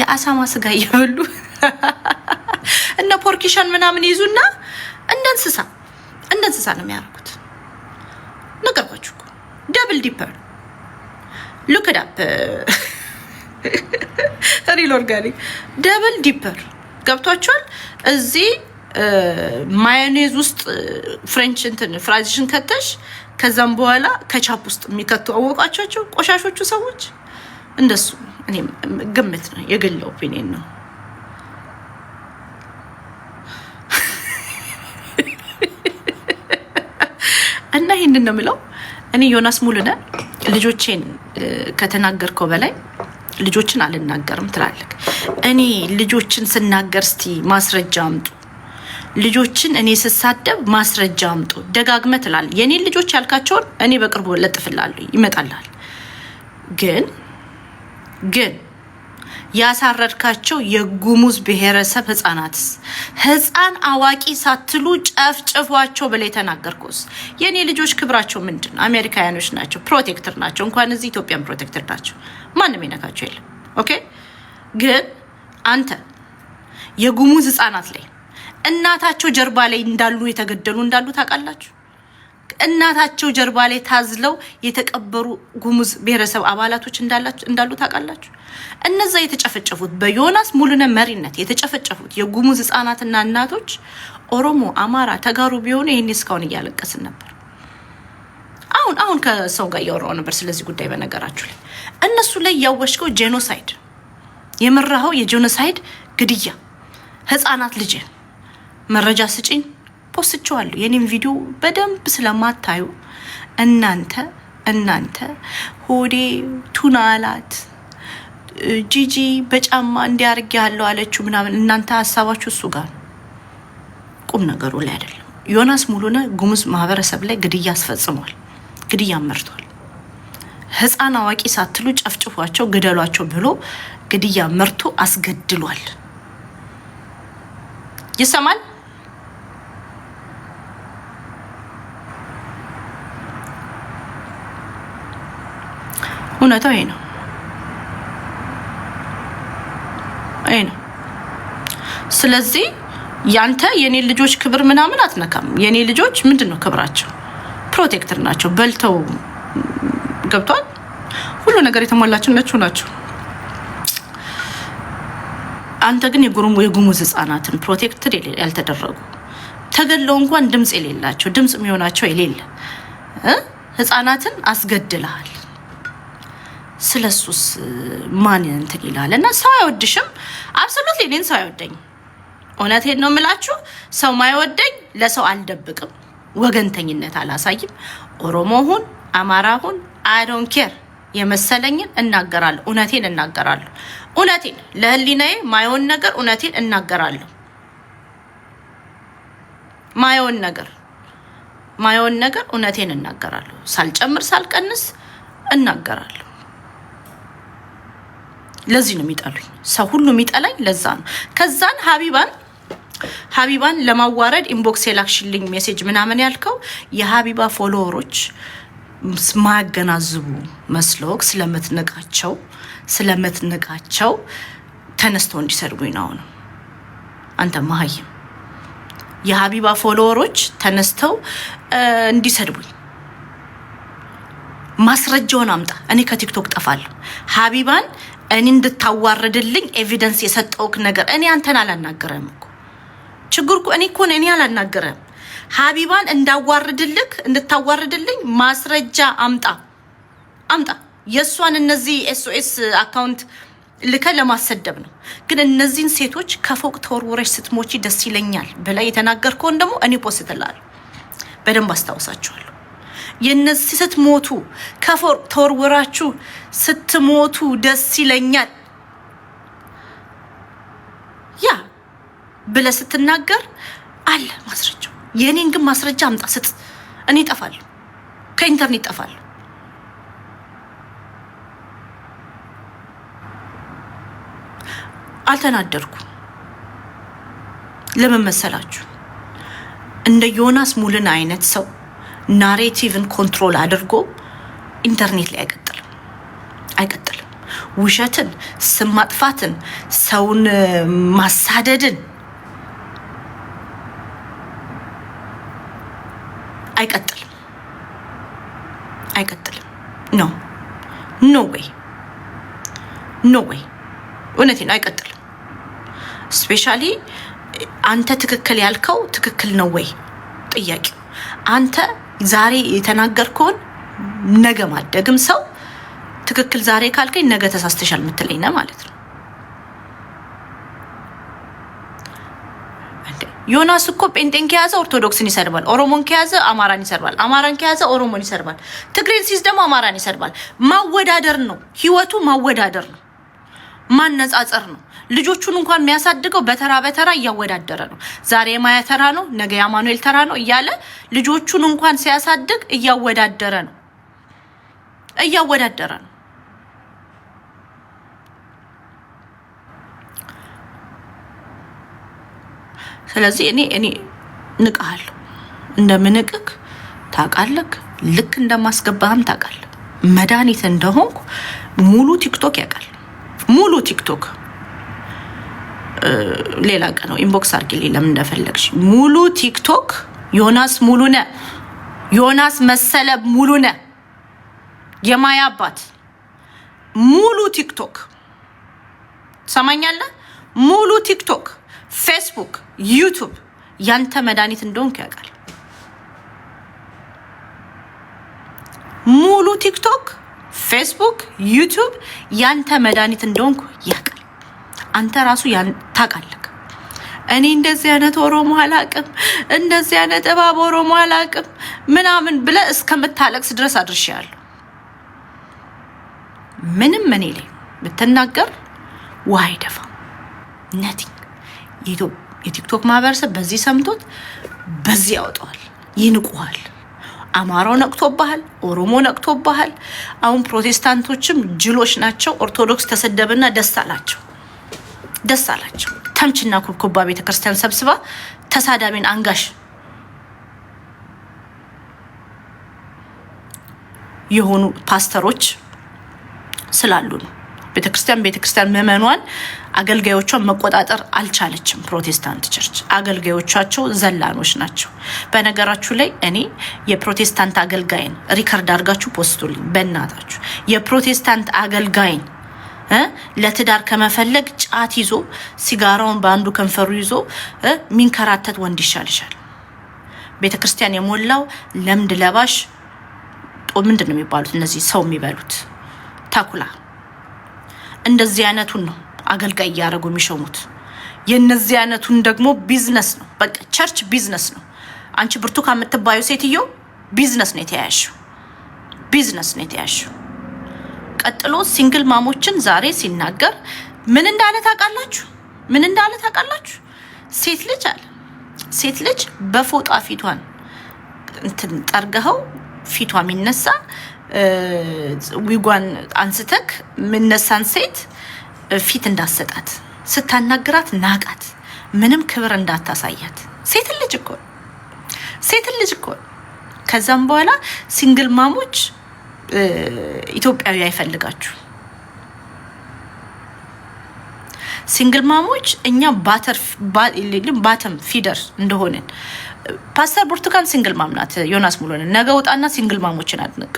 የአሳማ ስጋ እየበሉ እነ ፖርኪሻን ምናምን ይዙና እንደ እንስሳ እንደ እንስሳ ነው የሚያደርጉት። ነገርኳችሁ እኮ ደብል ዲፐር ሉክዳፕ ሪል ኦርጋኒክ ደብል ዲፐር ገብቷችኋል። እዚህ ማዮኔዝ ውስጥ ፍሬንች እንትን ፍራዚሽን ከተሽ ከዛም በኋላ ከቻፕ ውስጥ የሚከቱ አወቃቸቸው ቆሻሾቹ ሰዎች እንደሱ ግምት ነው፣ የግል ኦፒኒየን ነው። እና ይህንን ነው የምለው። እኔ ዮናስ ሙሉነ ልጆቼን ከተናገርከው በላይ ልጆችን አልናገርም ትላለህ። እኔ ልጆችን ስናገር እስቲ ማስረጃ አምጡ፣ ልጆችን እኔ ስሳደብ ማስረጃ አምጡ ደጋግመህ ትላለህ። የእኔን ልጆች ያልካቸውን እኔ በቅርቡ ለጥፍላለሁ፣ ይመጣላል ግን ግን ያሳረድካቸው የጉሙዝ ብሔረሰብ ህጻናት ህፃን አዋቂ ሳትሉ ጨፍጭፏቸው ብለ የተናገርኩስ የእኔ ልጆች ክብራቸው ምንድን? አሜሪካውያኖች ናቸው፣ ፕሮቴክተር ናቸው። እንኳን እዚህ ኢትዮጵያን ፕሮቴክተር ናቸው። ማንም ይነካቸው የለም። ኦኬ። ግን አንተ የጉሙዝ ህጻናት ላይ እናታቸው ጀርባ ላይ እንዳሉ የተገደሉ እንዳሉ ታውቃላችሁ። እናታቸው ጀርባ ላይ ታዝለው የተቀበሩ ጉሙዝ ብሔረሰብ አባላቶች እንዳሉ ታውቃላችሁ። እነዛ የተጨፈጨፉት በዮናስ ሙሉነ መሪነት የተጨፈጨፉት የጉሙዝ ህጻናትና እናቶች ኦሮሞ፣ አማራ ተጋሩ ቢሆኑ ይህን እስካሁን እያለቀስን ነበር። አሁን አሁን ከሰው ጋር እያወራሁ ነበር ስለዚህ ጉዳይ። በነገራችሁ ላይ እነሱ ላይ ያወሽከው ጄኖሳይድ የመራኸው የጄኖሳይድ ግድያ ህጻናት ልጅ መረጃ ስጪኝ ፖስቸዋለሁ። የኔም ቪዲዮ በደንብ ስለማታዩ እናንተ እናንተ ሆዴ ቱና አላት ጂጂ በጫማ እንዲያርግ ያለው አለችው ምናምን። እናንተ ሀሳባችሁ እሱ ጋር ቁም ነገሩ ላይ አይደለም። ዮናስ ሙሉነ ጉሙዝ ማህበረሰብ ላይ ግድያ አስፈጽሟል። ግድያ መርቷል። ህፃን አዋቂ ሳትሉ ጨፍጭፏቸው ግደሏቸው ብሎ ግድያ መርቶ አስገድሏል። ይሰማል። እውነታው ይሄ ነው ይሄ ነው። ስለዚህ ያንተ የኔ ልጆች ክብር ምናምን አትነካም። የኔ ልጆች ምንድን ነው ክብራቸው? ፕሮቴክተር ናቸው። በልተው ገብቷል። ሁሉ ነገር የተሟላቸው ነችው ናቸው። አንተ ግን የጉሙዝ ህጻናትን ፕሮቴክተር ያልተደረጉ ተገለው እንኳን ድምፅ የሌላቸው ድምፅ የሚሆናቸው የሌለ ህጻናትን አስገድልሃል። ስለሱስ ማን እንትን ይላል? እና ሰው አይወድሽም። አብሶሉት እኔን ሰው አይወደኝ። እውነቴን ነው የምላችሁ። ሰው ማይወደኝ ለሰው አልደብቅም፣ ወገንተኝነት አላሳይም። ኦሮሞሁን አማራሁን አይዶን ኬር የመሰለኝን እናገራለሁ። እውነቴን እናገራለሁ። እውነቴን ለህሊናዬ ማየውን ነገር እውነቴን እናገራለሁ። ማየውን ነገር ማየውን ነገር እውነቴን እናገራለሁ። ሳልጨምር ሳልቀንስ እናገራለሁ። ለዚህ ነው የሚጠሉኝ። ሰው ሁሉ የሚጠላኝ ለዛ ነው። ከዛን ሀቢባን ሀቢባን ለማዋረድ ኢንቦክስ የላክሽልኝ ሜሴጅ ምናምን ያልከው የሀቢባ ፎሎወሮች ማያገናዝቡ መስሎክ ስለምትንቃቸው ስለምትንቃቸው ተነስተው እንዲሰድቡኝ ነው። አሁንም አንተ መሀይም የሀቢባ ፎሎወሮች ተነስተው እንዲሰድቡኝ ማስረጃውን አምጣ። እኔ ከቲክቶክ ጠፋለሁ ሀቢባን እኔ እንድታዋርድልኝ ኤቪደንስ የሰጠውክ ነገር እኔ አንተን አላናገረም እኮ ችግር እኮ እኔ እኮን እኔ አላናገረም። ሀቢባን እንዳዋርድልክ እንድታዋርድልኝ ማስረጃ አምጣ አምጣ። የእሷን እነዚህ ኤስኦኤስ አካውንት ልከ ለማሰደብ ነው። ግን እነዚህን ሴቶች ከፎቅ ተወርውረሽ ስትሞቺ ደስ ይለኛል ብላ የተናገርከውን ደግሞ እኔ ፖስትላለሁ። በደንብ አስታውሳችኋለሁ። የነዚህ ስትሞቱ ከፎር ተወርወራችሁ ስትሞቱ ደስ ይለኛል ያ ብለህ ስትናገር አለ ማስረጃው። የእኔን ግን ማስረጃ አምጣ ስት እኔ እጠፋለሁ፣ ከኢንተርኔት እጠፋለሁ። አልተናደርኩ። ለምን መሰላችሁ? እንደ ዮናስ ሙልን አይነት ሰው ናሬቲቭን ኮንትሮል አድርጎ ኢንተርኔት ላይ አይቀጥልም አይቀጥልም። ውሸትን፣ ስም ማጥፋትን፣ ሰውን ማሳደድን አይቀጥልም አይቀጥልም። ኖ ኖ ወይ ኖ ወይ፣ እውነቴ ነው። አይቀጥልም። ስፔሻሊ አንተ ትክክል ያልከው ትክክል ነው ወይ ጥያቄው አንተ ዛሬ የተናገርከውን ነገ ማደግም ሰው ትክክል ዛሬ ካልከኝ ነገ ተሳስተሻል የምትለኝ ነው ማለት ነው። ዮናስ እኮ ጴንጤን ከያዘ ኦርቶዶክስን ይሰድባል፣ ኦሮሞን ከያዘ አማራን ይሰድባል፣ አማራን ከያዘ ኦሮሞን ይሰድባል፣ ትግሬን ሲይዝ ደግሞ አማራን ይሰድባል። ማወዳደር ነው ህይወቱ፣ ማወዳደር ነው፣ ማነጻጸር ነው። ልጆቹን እንኳን የሚያሳድገው በተራ በተራ እያወዳደረ ነው። ዛሬ የማያ ተራ ነው፣ ነገ የአማኑኤል ተራ ነው እያለ ልጆቹን እንኳን ሲያሳድግ እያወዳደረ ነው እያወዳደረ ነው። ስለዚህ እኔ እኔ ንቃሃለሁ፣ እንደምንቅክ ታውቃለህ። ልክ እንደማስገባህም ታውቃለህ። መድኃኒት እንደሆንኩ ሙሉ ቲክቶክ ያውቃል። ሙሉ ቲክቶክ ሌላ ቀን ነው ኢንቦክስ አድርጊልኝ ለምን እንደፈለግሽ። ሙሉ ቲክቶክ ዮናስ ሙሉ ነ ዮናስ መሰለ ሙሉ ነ የማያ አባት ሙሉ ቲክቶክ ሰማኛለ ሙሉ ቲክቶክ፣ ፌስቡክ፣ ዩቱብ ያንተ መድኃኒት እንደሆንክ ያውቃል። ሙሉ ቲክቶክ፣ ፌስቡክ፣ ዩቱብ ያንተ መድኃኒት እንደሆንኩ ያውቃል። አንተ ራሱ ታውቃለህ። እኔ እንደዚህ አይነት ኦሮሞ አላቅም፣ እንደዚህ አይነት እባብ ኦሮሞ አላቅም ምናምን ብለህ እስከምታለቅስ ድረስ አድርሻለሁ። ምንም እኔ ላይ ብትናገር ውሃ አይደፋም። ነት የቲክቶክ ማህበረሰብ በዚህ ሰምቶት በዚህ ያወጣዋል፣ ይንቁሃል። አማራው ነቅቶባሃል፣ ኦሮሞ ነቅቶባሃል። አሁን ፕሮቴስታንቶችም ጅሎች ናቸው። ኦርቶዶክስ ተሰደብና ደስ አላቸው። ደስ አላቸው። ተምችና ኩብኩባ ቤተክርስቲያን ሰብስባ ተሳዳቢን አንጋሽ የሆኑ ፓስተሮች ስላሉ ነው። ቤተክርስቲያን ቤተክርስቲያን ምዕመኗን አገልጋዮቿን መቆጣጠር አልቻለችም። ፕሮቴስታንት ቸርች አገልጋዮቻቸው ዘላኖች ናቸው። በነገራችሁ ላይ እኔ የፕሮቴስታንት አገልጋይን ሪከርድ አድርጋችሁ ፖስቱልኝ። በእናታችሁ የፕሮቴስታንት አገልጋይን ለትዳር ከመፈለግ ጫት ይዞ ሲጋራውን በአንዱ ከንፈሩ ይዞ ሚንከራተት ወንድ ይሻልሻል። ቤተ ክርስቲያን የሞላው ለምድ ለባሽ ምንድን ነው የሚባሉት እነዚህ ሰው የሚበሉት ተኩላ፣ እንደዚህ አይነቱን ነው አገልጋይ እያደረጉ የሚሾሙት። የእነዚህ አይነቱን ደግሞ ቢዝነስ ነው። በቃ ቸርች ቢዝነስ ነው። አንቺ ብርቱካን የምትባዩ ሴትዮ ቢዝነስ ነው የተያያሽው፣ ቢዝነስ ነው የተያያሽው። ቀጥሎ ሲንግል ማሞችን ዛሬ ሲናገር ምን እንዳለ ታውቃላችሁ? ምን እንዳለ ታውቃላችሁ? ሴት ልጅ አለ ሴት ልጅ በፎጣ ፊቷን እንትን ጠርገኸው ፊቷ የሚነሳ ዊጓን አንስተክ የምነሳን ሴት ፊት እንዳሰጣት ስታናግራት ናቃት። ምንም ክብር እንዳታሳያት ሴት ልጅ እኮ ሴት ልጅ እኮ ከዛም በኋላ ሲንግል ማሞች ኢትዮጵያዊ አይፈልጋችሁ። ሲንግል ማሞች እኛ ባተም ፊደር እንደሆንን ፓስተር ብርቱካን ሲንግል ማም ናት። ዮናስ ሙሉንን ነገ ውጣና ሲንግል ማሞችን አድንቅ።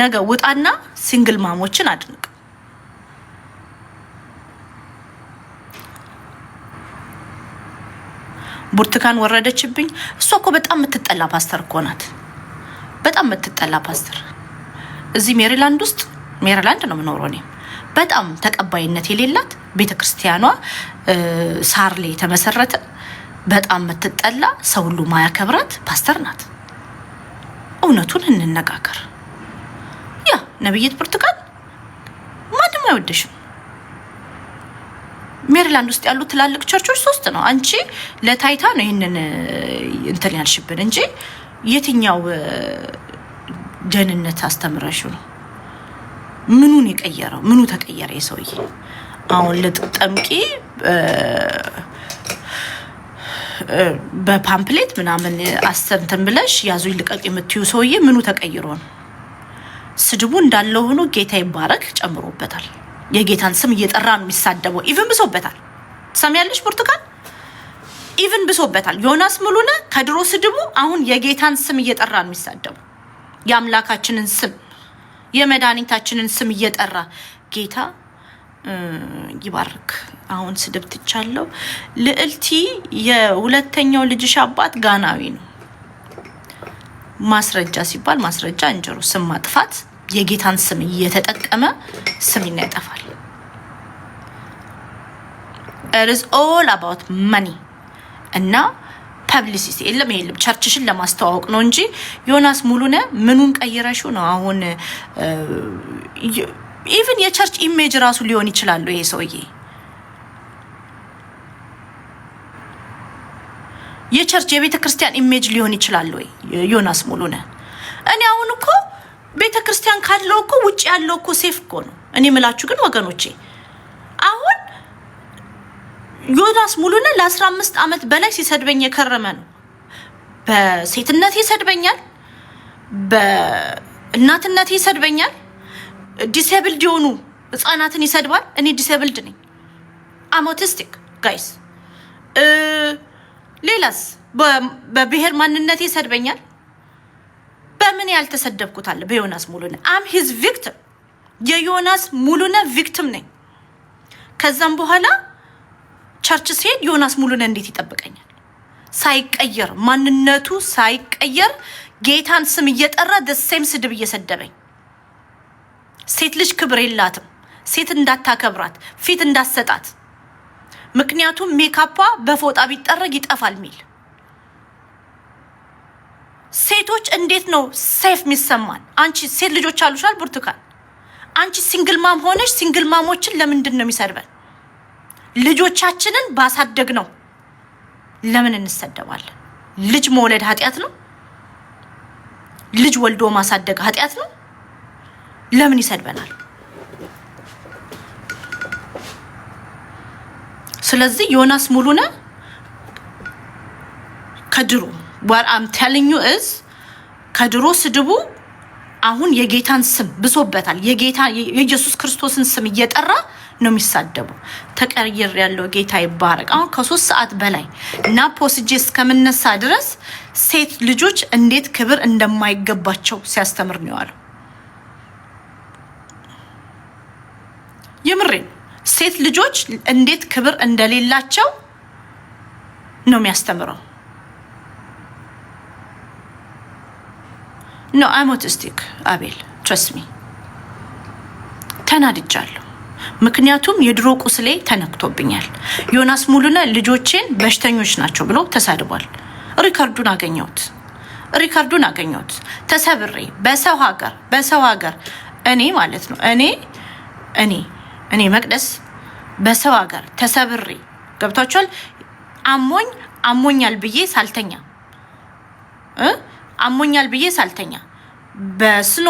ነገ ውጣና ሲንግል ማሞችን አድንቅ። ብርቱካን ወረደችብኝ። እሷ እኮ በጣም የምትጠላ ፓስተር እኮ ናት። በጣም የምትጠላ ፓስተር እዚህ ሜሪላንድ ውስጥ ሜሪላንድ ነው የምኖረው እኔም በጣም ተቀባይነት የሌላት ቤተ ክርስቲያኗ ሳር ላይ የተመሰረተ በጣም የምትጠላ ሰው ሁሉ ማያከብራት ፓስተር ናት። እውነቱን እንነጋገር። ያ ነብይት ብርቱካን ማንም አይወደሽም። ሜሪላንድ ውስጥ ያሉት ትላልቅ ቸርቾች ሶስት ነው። አንቺ ለታይታ ነው ይህንን እንትን ያልሽብን እንጂ የትኛው ደህንነት አስተምረሹ ነው? ምኑን የቀየረው? ምኑ ተቀየረ? የሰውዬ አሁን ጠምቂ በፓምፕሌት ምናምን አሰንትን ብለሽ ያዙኝ ልቀቅ የምትዩ ሰውዬ ምኑ ተቀይሮ ነው? ስድቡ እንዳለው ሆኖ ጌታ ይባረክ ጨምሮበታል። የጌታን ስም እየጠራ ነው የሚሳደበው። ኢቭን ብሶበታል። ትሰሚያለሽ ብርቱካን ኢቭን ብሶበታል። ዮናስ ሙሉነ ከድሮ ስድቡ አሁን የጌታን ስም እየጠራ ነው የሚሳደቡ። የአምላካችንን ስም የመድኃኒታችንን ስም እየጠራ ጌታ ይባርክ። አሁን ስድብ ትቻለው። ልዕልቲ የሁለተኛው ልጅሽ አባት ጋናዊ ነው። ማስረጃ ሲባል ማስረጃ እንጀሮ ስም ማጥፋት የጌታን ስም እየተጠቀመ ስም ይና ያጠፋል። ኦል አባውት መኒ እና ፐብሊሲቲ የለም የለም ቸርችሽን ለማስተዋወቅ ነው እንጂ ዮናስ ሙሉነ ምኑን ቀይረሽው ነው አሁን? ኢቭን የቸርች ኢሜጅ ራሱ ሊሆን ይችላሉ ይሄ ሰውዬ የቸርች የቤተ ክርስቲያን ኢሜጅ ሊሆን ይችላል ወይ? ዮናስ ሙሉነ እኔ አሁን እኮ ቤተ ክርስቲያን ካለው እኮ ውጭ ያለው እኮ ሴፍ እኮ ነው። እኔ ምላችሁ ግን ወገኖቼ ዮናስ ሙሉነ ለ15 ዓመት በላይ ሲሰድበኝ የከረመ ነው። በሴትነት ይሰድበኛል፣ በእናትነት ይሰድበኛል፣ ዲሴብልድ የሆኑ ህጻናትን ይሰድባል። እኔ ዲሴብልድ ነኝ፣ አሞቲስቲክ ጋይስ። ሌላስ በብሔር ማንነት ይሰድበኛል። በምን ያልተሰደብኩታል? በዮናስ ሙሉነ አም ሂዝ ቪክቲም የዮናስ ሙሉነ ቪክቲም ነኝ። ከዛም በኋላ ቸርች ሲሄድ ዮናስ ሙሉነ እንዴት ይጠብቀኛል? ሳይቀየር ማንነቱ ሳይቀየር ጌታን ስም እየጠራ ደሴም ስድብ እየሰደበኝ። ሴት ልጅ ክብር የላትም። ሴት እንዳታከብራት ፊት እንዳሰጣት ምክንያቱም ሜካፓ በፎጣ ቢጠረግ ይጠፋል ሚል ሴቶች እንዴት ነው ሴፍ የሚሰማን? አንቺ ሴት ልጆች አሉሻል፣ ብርቱካን አንቺ ሲንግል ማም ሆነሽ ሲንግል ማሞችን ለምንድን ነው የሚሰድበን? ልጆቻችንን ባሳደግ ነው። ለምን እንሰደባለን? ልጅ መውለድ ኃጢአት ነው? ልጅ ወልዶ ማሳደግ ኃጢአት ነው? ለምን ይሰድበናል? ስለዚህ ዮናስ ሙሉነ ከድሮ what I'm telling ከድሮ ስድቡ አሁን የጌታን ስም ብሶበታል። የጌታ የኢየሱስ ክርስቶስን ስም እየጠራ ነው የሚሳደቡ። ተቀይር ያለው ጌታ ይባረቅ። አሁን ከሶስት ሰዓት በላይ እና ፖስጄ እስከምነሳ ድረስ ሴት ልጆች እንዴት ክብር እንደማይገባቸው ሲያስተምር ነው የዋለው። የምሬን ሴት ልጆች እንዴት ክብር እንደሌላቸው ነው የሚያስተምረው። ኖ አይም አቤል ትረስሚ ተናድጃለሁ። ምክንያቱም የድሮ ቁስሌ ተነክቶብኛል። ዮናስ ሙሉነ ልጆቼን በሽተኞች ናቸው ብሎ ተሳድቧል። ሪካርዱን አገኘሁት፣ ሪካርዱን አገኘሁት። ተሰብሬ በሰው ሀገር በሰው ሀገር እኔ ማለት ነው እኔ እኔ እኔ መቅደስ በሰው ሀገር ተሰብሬ ገብቷቸዋል። አሞኝ አሞኛል ብዬ ሳልተኛ አሞኛል ብዬ ሳልተኛ በስኖ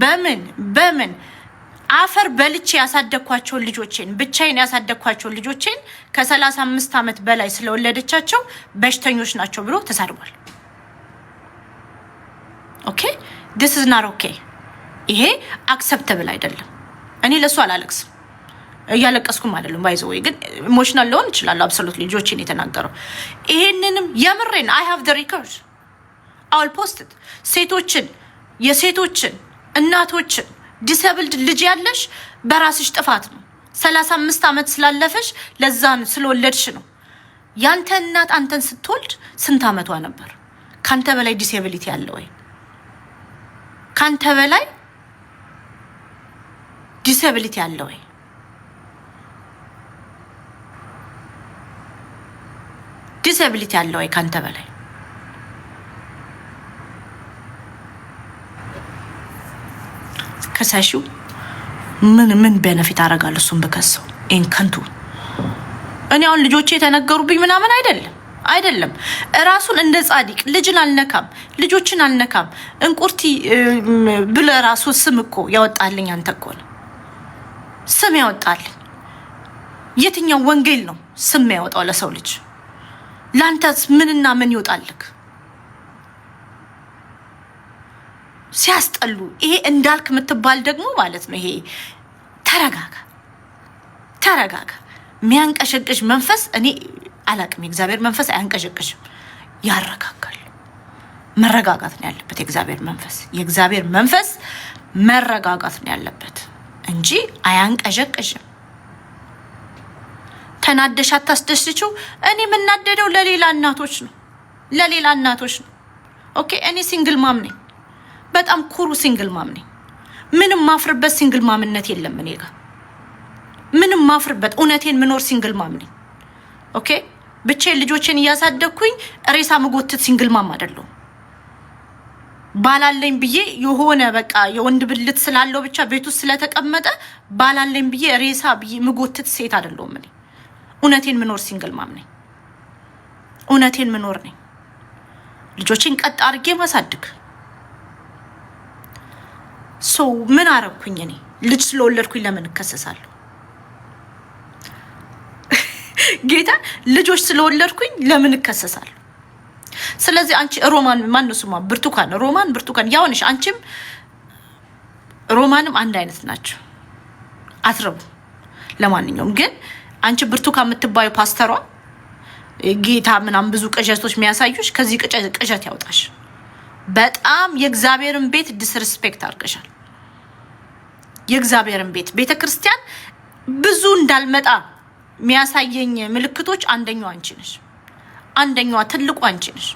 በምን በምን አፈር በልቼ ያሳደግኳቸውን ልጆቼን ብቻዬን ያሳደግኳቸውን ልጆቼን ከሰላሳ አምስት ዓመት በላይ ስለወለደቻቸው በሽተኞች ናቸው ብሎ ተሳድቧል። ኦኬ ዲስ ኢዝ ናት ኦኬ። ይሄ አክሰፕተብል አይደለም። እኔ ለእሱ አላለቅስም እያለቀስኩም አይደለም። ባይዘ ወይ ግን ኢሞሽናል ሊሆን ይችላሉ። አብሶሉት ልጆችን የተናገረው ይሄንንም የምሬን አይ ሃቭ ደ ሪከርድ አውል ፖስትድ ሴቶችን የሴቶችን እናቶችን ዲሰብልድ ልጅ ያለሽ በራስሽ ጥፋት ነው። ሰላሳ አምስት ዓመት ስላለፈሽ ለዛን ስለወለድሽ ነው። ያንተ እናት አንተን ስትወልድ ስንት ዓመቷ ነበር? ካንተ በላይ ዲሴብሊቲ ያለ ወይ? ካንተ በላይ ዲሴብሊቲ ያለ ወይ? ዲሴብሊቲ ያለ ወይ? ካንተ በላይ ከሳሽው ምን ምን ቤነፊት አደርጋለሁ? እሱን ብከሰው ይህን ከንቱ እኔ አሁን ልጆቼ የተነገሩብኝ ምናምን አይደለም አይደለም እራሱን እንደ ጻዲቅ ልጅን አልነካም፣ ልጆችን አልነካም። እንቁርቲ ብለህ ራሱ ስም እኮ ያወጣልኝ አንተ እኮ ነው ስም ያወጣልኝ። የትኛው ወንጌል ነው ስም ያወጣው ለሰው ልጅ? ለአንተስ ምንና ምን ይወጣልክ? ሲያስጠሉ። ይሄ እንዳልክ የምትባል ደግሞ ማለት ነው። ይሄ ተረጋጋ፣ ተረጋጋ። የሚያንቀሸቅሽ መንፈስ እኔ አላቅም። የእግዚአብሔር መንፈስ አያንቀሸቅሽም፣ ያረጋጋል። መረጋጋት ነው ያለበት የእግዚአብሔር መንፈስ። የእግዚአብሔር መንፈስ መረጋጋት ነው ያለበት እንጂ አያንቀሸቅሽም። ተናደሽ አታስደስችው። እኔ የምናደደው ለሌላ እናቶች ነው፣ ለሌላ እናቶች ነው። ኦኬ፣ እኔ ሲንግል ማም ነኝ። በጣም ኩሩ ሲንግል ማም ነኝ። ምንም ማፍርበት ሲንግል ማምነት የለም እኔ ጋር ምንም ማፍርበት እውነቴን ምኖር ሲንግል ማም ነኝ። ኦኬ ብቻዬን ልጆችን እያሳደግኩኝ ሬሳ ምጎትት ሲንግል ማም አይደለሁም። ባላለኝ ብዬ የሆነ በቃ የወንድ ብልት ስላለው ብቻ ቤት ውስጥ ስለተቀመጠ ባላለኝ ብዬ ሬሳ ብዬ ምጎትት ሴት አይደለሁም እኔ እውነቴን ምኖር ሲንግል ማም ነኝ። እውነቴን ምኖር ነኝ። ልጆቼን ቀጥ አድርጌ ማሳድግ ሰው ምን አረኩኝ እኔ ልጅ ስለወለድኩኝ ለምን እከሰሳለሁ? ጌታ ልጆች ስለወለድኩኝ ለምን እከሰሳለሁ? ስለዚህ አንቺ ሮማን ማነው ስሟ? ብርቱካን ሮማን ብርቱካን ያውንሽ አንቺም ሮማንም አንድ አይነት ናቸው። አትረቡ። ለማንኛውም ግን አንቺ ብርቱካን የምትባዩ ፓስተሯ ጌታ ምናምን ብዙ ቅዠቶች የሚያሳዩሽ ከዚህ ቅዠት ያውጣሽ። በጣም የእግዚአብሔርን ቤት ዲስሪስፔክት አድርገሻል። የእግዚአብሔርን ቤት ቤተ ክርስቲያን ብዙ እንዳልመጣ የሚያሳየኝ ምልክቶች አንደኛው አንቺ ነሽ። አንደኛዋ ትልቁ አንቺ ነሽ።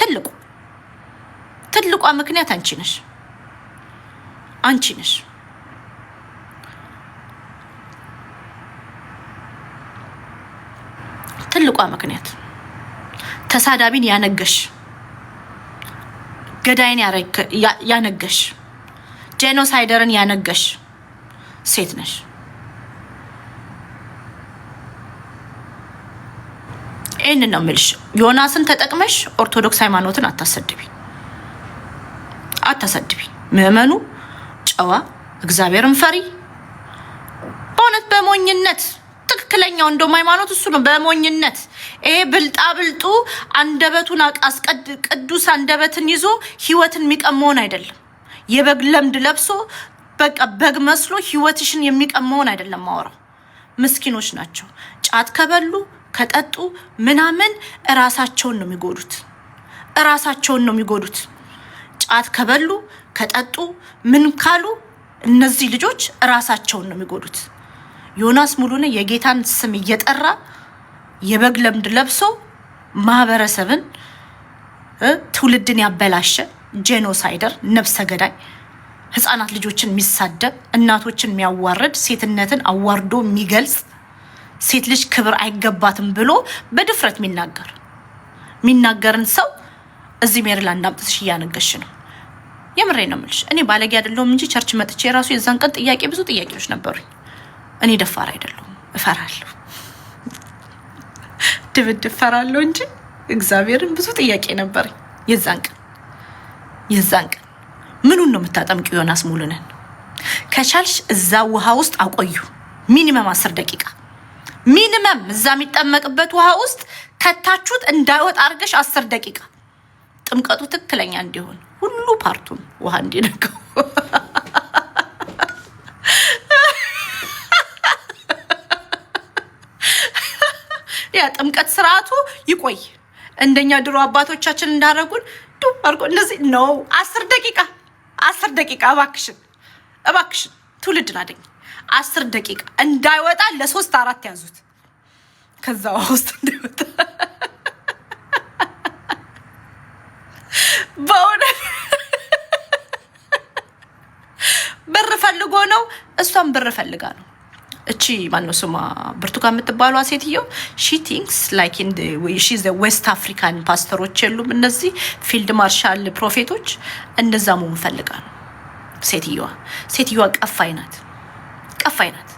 ትልቁ ትልቋ ምክንያት አንቺ ነሽ። አንቺ ነሽ። ትልቋ ምክንያት ተሳዳቢን ያነገሽ፣ ገዳይን ያነገሽ ጄኖሳይደርን ያነገሽ ሴት ነሽ። ይህንን ነው ምልሽ። ዮናስን ተጠቅመሽ ኦርቶዶክስ ሃይማኖትን አታሰድቢ፣ አታሰድቢ። ምዕመኑ ጨዋ፣ እግዚአብሔርን ፈሪ በእውነት በሞኝነት ትክክለኛው እንደውም ሃይማኖት እሱ ነው። በሞኝነት ይሄ ብልጣ ብልጡ አንደበቱን ቅዱስ አንደበትን ይዞ ህይወትን የሚቀመውን አይደለም። የበግ ለምድ ለብሶ በቃ በግ መስሎ ህይወትሽን የሚቀመውን አይደለም ማወራው። ምስኪኖች ናቸው። ጫት ከበሉ ከጠጡ ምናምን እራሳቸውን ነው የሚጎዱት። እራሳቸውን ነው የሚጎዱት። ጫት ከበሉ ከጠጡ ምን ካሉ እነዚህ ልጆች እራሳቸውን ነው የሚጎዱት። ዮናስ ሙሉነ የጌታን ስም እየጠራ የበግ ለምድ ለብሶ ማህበረሰብን ትውልድን ያበላሸ ጄኖሳይደር፣ ነብሰ ገዳይ፣ ህፃናት ልጆችን የሚሳደብ እናቶችን የሚያዋርድ ሴትነትን አዋርዶ የሚገልጽ ሴት ልጅ ክብር አይገባትም ብሎ በድፍረት የሚናገር የሚናገርን ሰው እዚህ ሜሪላንድ አምጥተሽ እያነገሽ ነው። የምሬ ነው የምልሽ። እኔ ባለጌ አይደለሁም እንጂ ቸርች መጥቼ የራሱ የዛን ቀን ጥያቄ ብዙ ጥያቄዎች ነበሩኝ። እኔ ደፋር አይደለሁም፣ እፈራለሁ። ድብድብ ፈራለሁ እንጂ እግዚአብሔርን ብዙ ጥያቄ ነበር የዛን ቀን የዛን ቀን ምኑን ነው የምታጠምቂው? ዮናስ ሙሉንን ከቻልሽ እዛ ውሃ ውስጥ አቆዩ። ሚኒመም አስር ደቂቃ ሚኒመም እዛ የሚጠመቅበት ውሃ ውስጥ ከታችሁት እንዳይወጣ አድርገሽ አስር ደቂቃ ጥምቀቱ ትክክለኛ እንዲሆን ሁሉ ፓርቱን ውሃ እንዲነካው ያ ጥምቀት ስርዓቱ ይቆይ። እንደኛ ድሮ አባቶቻችን እንዳደረጉን ዱ አርጎ እንደዚህ ነው። አስር ደቂቃ አስር ደቂቃ እባክሽን እባክሽን ትውልድ ላደኝ አስር ደቂቃ እንዳይወጣ ለሶስት አራት ያዙት። ከዛ ውስጥ እንዳይወጣ በእውነት ብር ፈልጎ ነው። እሷም ብር ፈልጋ ነው። እቺ ማነው ስሟ ብርቱካን የምትባሏ ሴትዮ ሺ ቲንክስ ላይክ ዌስት አፍሪካን ፓስተሮች የሉም እነዚህ ፊልድ ማርሻል ፕሮፌቶች እነዛ መሆን ፈልጋ ነው ሴትዮዋ። ሴትዮዋ ቀፋይ ናት፣ ቀፋይ ናት።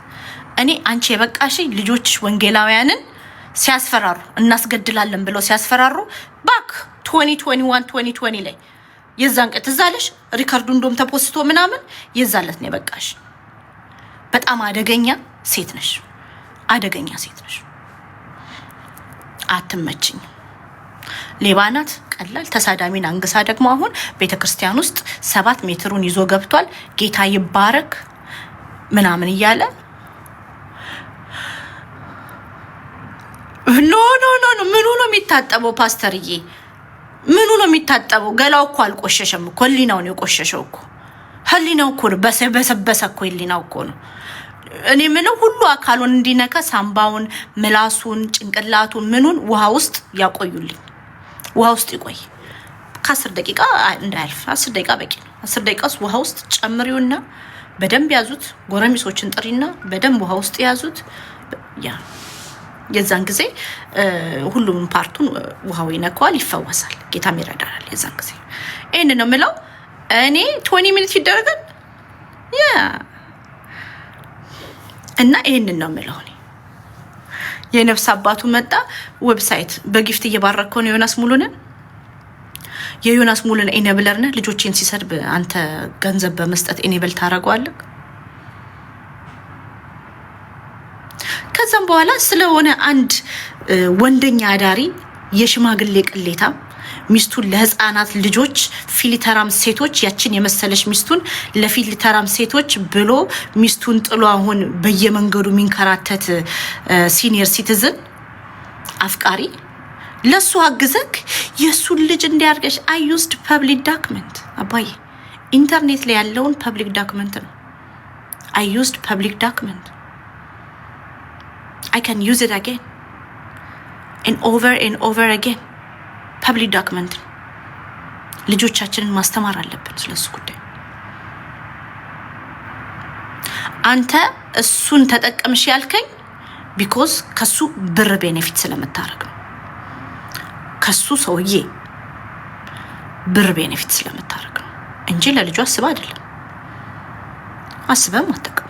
እኔ አንቺ የበቃሽ ልጆች ወንጌላውያንን ሲያስፈራሩ እናስገድላለን ብለው ሲያስፈራሩ ባክ 2021 2020 ላይ የዛን ቀን ትዛለሽ ሪከርዱ እንደም ተፖስቶ ምናምን የዛለት ነው የበቃሽ። በጣም አደገኛ ሴት ነሽ፣ አደገኛ ሴት ነሽ። አትመችኝ። ሌባ ናት፣ ቀላል ተሳዳሚን አንግሳ ደግሞ አሁን ቤተ ክርስቲያን ውስጥ ሰባት ሜትሩን ይዞ ገብቷል። ጌታ ይባረክ ምናምን እያለ ኖ ኖ ኖ ኖ ምኑ ነው የሚታጠበው? ፓስተርዬ ምኑ ነው የሚታጠበው? ገላው እኮ አልቆሸሸም እኮ፣ ህሊናው ነው የቆሸሸው እኮ ህሊናው እኮ ነው በሰበሰ እኮ ህሊናው እኮ ነው። እኔ ምለው ሁሉ አካሉን እንዲነካ ሳምባውን፣ ምላሱን፣ ጭንቅላቱን ምኑን ውሃ ውስጥ ያቆዩልኝ። ውሃ ውስጥ ይቆይ ከአስር ደቂቃ እንዳያልፍ። አስር ደቂቃ በቂ ነው። አስር ደቂቃ ውስጥ ውሃ ውስጥ ጨምሪውና በደንብ ያዙት። ጎረሚሶችን ጥሪና በደንብ ውሃ ውስጥ ያዙት። ያ የዛን ጊዜ ሁሉም ፓርቱን ውሃው ይነካዋል፣ ይፈወሳል። ጌታም ይረዳናል። የዛን ጊዜ ይህን ነው ምለው። እኔ ቶኒ ሚኒት ይደረጋል ያ እና ይህንን ነው የምለው። እኔ የነፍስ አባቱ መጣ ዌብሳይት በጊፍት እየባረክ ከሆነ ዮናስ ሙሉንን የዮናስ ሙሉን ኤኔብለር ልጆችን ልጆቼን ሲሰድብ አንተ ገንዘብ በመስጠት ኤኔብል ታደርገዋለህ። ከዛም በኋላ ስለሆነ አንድ ወንደኛ አዳሪ የሽማግሌ ቅሌታም ሚስቱን ለህፃናት ልጆች ፊሊተራም ሴቶች ያችን የመሰለች ሚስቱን ለፊሊተራም ሴቶች ብሎ ሚስቱን ጥሎ አሁን በየመንገዱ የሚንከራተት ሲኒየር ሲቲዝን አፍቃሪ ለሱ አግዘክ የእሱን ልጅ እንዲያርገሽ አይ ፐብሊክ ዳክመንት አባዬ ኢንተርኔት ላይ ያለውን ፐብሊክ ዳክመንት ነው። አይ ፐብሊክ ዳክመንት አይ ካን ዩዝ ኢት አጌን ኤን ኦቨር ኤን ኦቨር አጌን ፐብሊክ ዶክመንት ነው። ልጆቻችንን ማስተማር አለብን ስለሱ ጉዳይ። አንተ እሱን ተጠቀምሽ ያልከኝ ቢኮዝ ከሱ ብር ቤኔፊት ስለምታረግ ነው። ከሱ ሰውዬ ብር ቤኔፊት ስለምታረግ ነው እንጂ ለልጁ አስበ አይደለም። አስበም አታውቅም።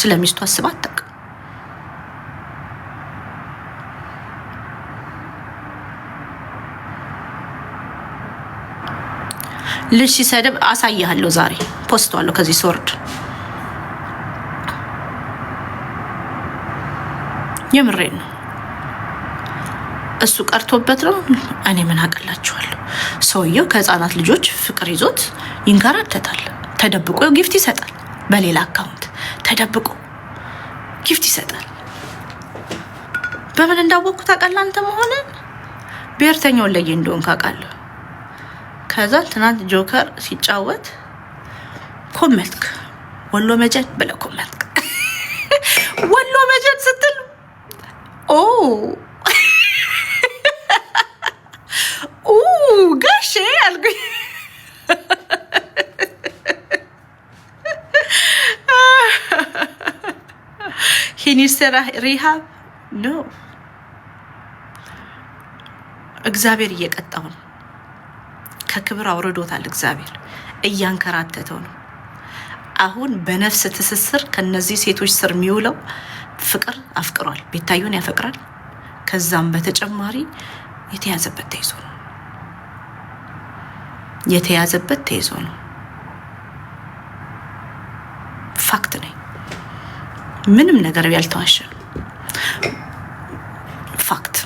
ስለሚስቱ አስበ አታውቅም። ልጅ ሲሰድብ አሳይሃለሁ። ዛሬ ፖስቷለሁ። ከዚህ ስወርድ የምሬ ነው። እሱ ቀርቶበት ነው። እኔ ምን አቀላችኋለሁ። ሰውየው ከህፃናት ልጆች ፍቅር ይዞት ይንከራተታል። ተደብቆ ጊፍት ይሰጣል። በሌላ አካውንት ተደብቆ ጊፍት ይሰጣል። በምን እንዳወቅኩት አቀላንተ መሆንን ብሔርተኛውን ለየ እንደሆን ካውቃለሁ ከዛ ትናንት ጆከር ሲጫወት ኮመልክ ወሎ መጀን ብለህ ኮመልክ ወሎ መጀን ስትል ኦ ጋሼ አልኩኝ። ሂኒስተራ ሪሃብ ኖ እግዚአብሔር እየቀጣው ነው። ከክብር አውርዶታል። እግዚአብሔር እያንከራተተው ነው። አሁን በነፍስ ትስስር ከነዚህ ሴቶች ስር የሚውለው ፍቅር አፍቅሯል። ቤታዩን ያፈቅራል። ከዛም በተጨማሪ የተያዘበት ተይዞ ነው። የተያዘበት ተይዞ ነው። ፋክት ነኝ። ምንም ነገር ያልተዋሸ ፋክት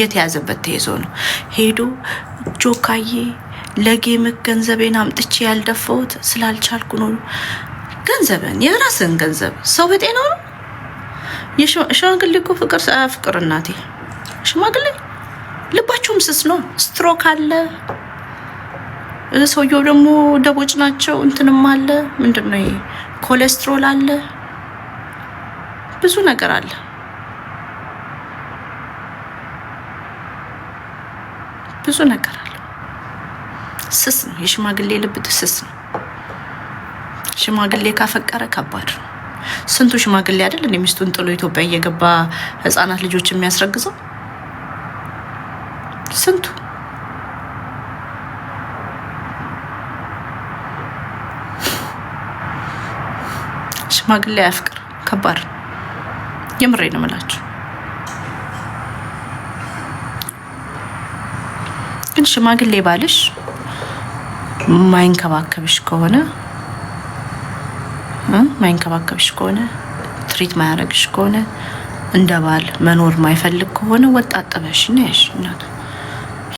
የተያዘበት ተይዞ ነው ሄዶ ጆካዬ ለጌምክ ገንዘቤን አምጥቼ ያልደፈውት ስላልቻልኩ ነው። ገንዘብን የራስን ገንዘብ ሰው በጤና ነው። የሽማግሌ እኮ ፍቅር ፍቅር እናቴ ሽማግሌ ልባቸውም ስስ ነው። ስትሮክ አለ። ሰውየው ደግሞ ደቦጭ ናቸው። እንትንም አለ ምንድን ነው ኮሌስትሮል አለ። ብዙ ነገር አለ። ብዙ ነገር አለ። ስስ ነው። የሽማግሌ ልብ ስስ ነው። ሽማግሌ ካፈቀረ ከባድ ነው። ስንቱ ሽማግሌ አይደል እንደ ሚስቱን ጥሎ ኢትዮጵያ እየገባ ህጻናት ልጆች የሚያስረግዘው ስንቱ ሽማግሌ አያፍቅር ከባድ ነው። የምሬ ነው ምላችሁ ግን ሽማግሌ ባልሽ ማይንከባከብሽ ከሆነ ማይንከባከብሽ ከሆነ ትሪት ማያደርግሽ ከሆነ እንደ ባል መኖር ማይፈልግ ከሆነ ወጣት። ጥበሽ ነሽ እናቱ